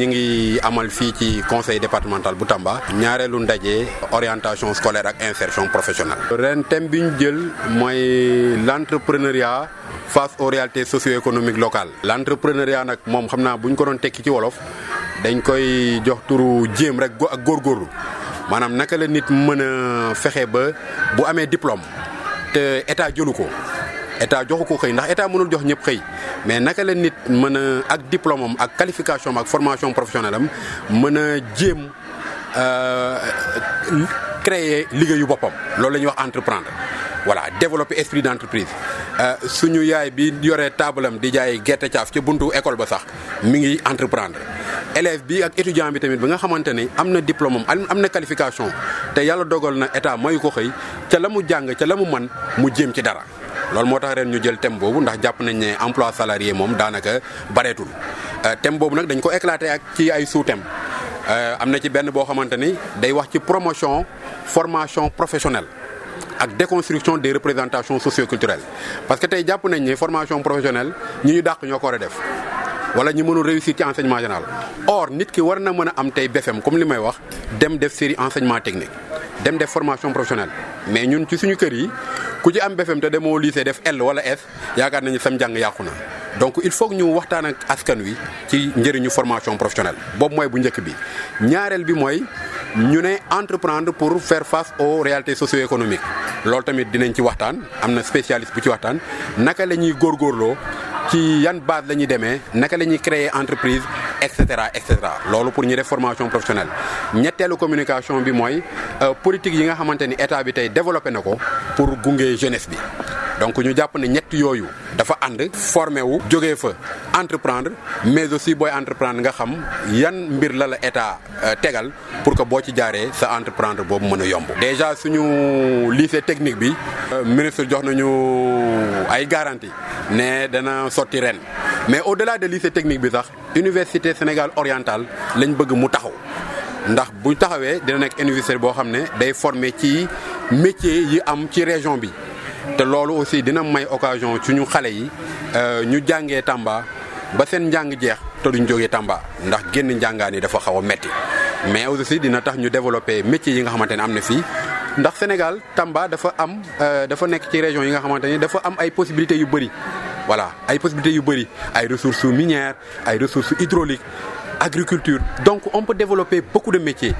ñu ngi amal fii ci conseil départemental bu Tamba ñaareelu ndaje orientation scolaire ak insertion professional ren thème bi ñu jël mooy l'entrepreneuriat face aux réalités socio-économiques locales. l'entrepreneuriat nag moom xam naa bu ñu ko doon tekki ci wolof dañ koy jox turu jéem rek ak góor góorgóorlu maanaam naka la nit mën a fexe ba bu amee diplôme te état jëlu ko. état joxu ko xëy ndax état mënul jox ñëpp xëy mais naka la nit mën a ak diplôme am ak qualification ak formation professionnelle mën a jéem euh, créer liggéeyu boppam loolu la ñuy wax entreprendre voilà développer esprit d'entreprise euh, suñu yaay bi yoree taabalam di jaay gerte caaf ci buntu école ba sax mi ngi entreprendre élève bi ak étudiant bi tamit ba nga xamante ni am na diplôme am am na qualification te yàlla dogal na état mayu ko xëy ca la mu jàng ca la mu mën mu jéem ci dara. loolu moo tax ren ñu jël thème boobu ndax jàpp nañ ne emploi salarié moom daanaka bareetul euh, thème boobu nag dañ ko éclaté ak ci ay sous-thèmes euh, am na ci benn boo xamante ni day wax ci promotion formation professionnelle ak déconstruction des représentations socioculturelles parce que tey jàpp nañ ne formation professionnelle ñi ñu dàq ñoo ko war a def wala ñu mënul réussir ci enseignement général or nit ki war na mën a am tey BFEM comme li may wax dem def série enseignement technique dem def formation professionnelle mais ñun ci suñu kër yi ku ci am BFM te demoo lycée def L wala S yaakaar nañu sam njàng yàqu na donc il faut ñu waxtaan ak askan wi ci njëriñu formation professionnelle boobu mooy bu njëkk bi ñaareel bi mooy ñu ne entreprendre pour faire face aux réalités socio-économiques loolu tamit dinañ ci waxtaan am na spécialiste bu ci waxtaan naka la ñuy góorloo ci yan base la ñuy demee naka la ñuy créer entreprise et cetera et cetera loolu pour ñu réformation formation professionnelle ñetteelu communication bi mooy euh, politique yi nga xamante ni état bi tey développé na ko pour gunge jeunesse bi. donc ñu jàpp ne ñett yooyu dafa ànd formé wu jógee fa entreprendre mais aussi booy entreprendre nga xam yan mbir la la état euh, tegal pour que boo ci jaaree sa entreprendre boobu mën a yomb déjà suñu lycée technique bi euh, ministre jox nañu ay garantie ne dana sotti ren mais au-delà de lycée technique bi sax université Sénégal orientale lañ bëgg mu taxaw ndax bu taxawee dina nekk université boo xam ne day former ci métier yi am ci région bi te loolu aussi dina may occasion ci ñu xale yi euh, ñu jàngee Tamba ba seen njàng jeex te duñ jógee Tamba ndax génn njàngaan yi dafa xaw a metti mais aussi dina tax ñu développer métier yi nga xamante ne am na fii ndax Sénégal Tamba dafa am euh, dafa nekk ci région yi nga xamante ne dafa am ay possibilités yu bëri voilà ay possibilités yu bëri ay ressources minières ay ressources hydrauliques agriculture donc on peut développer beaucoup de métiers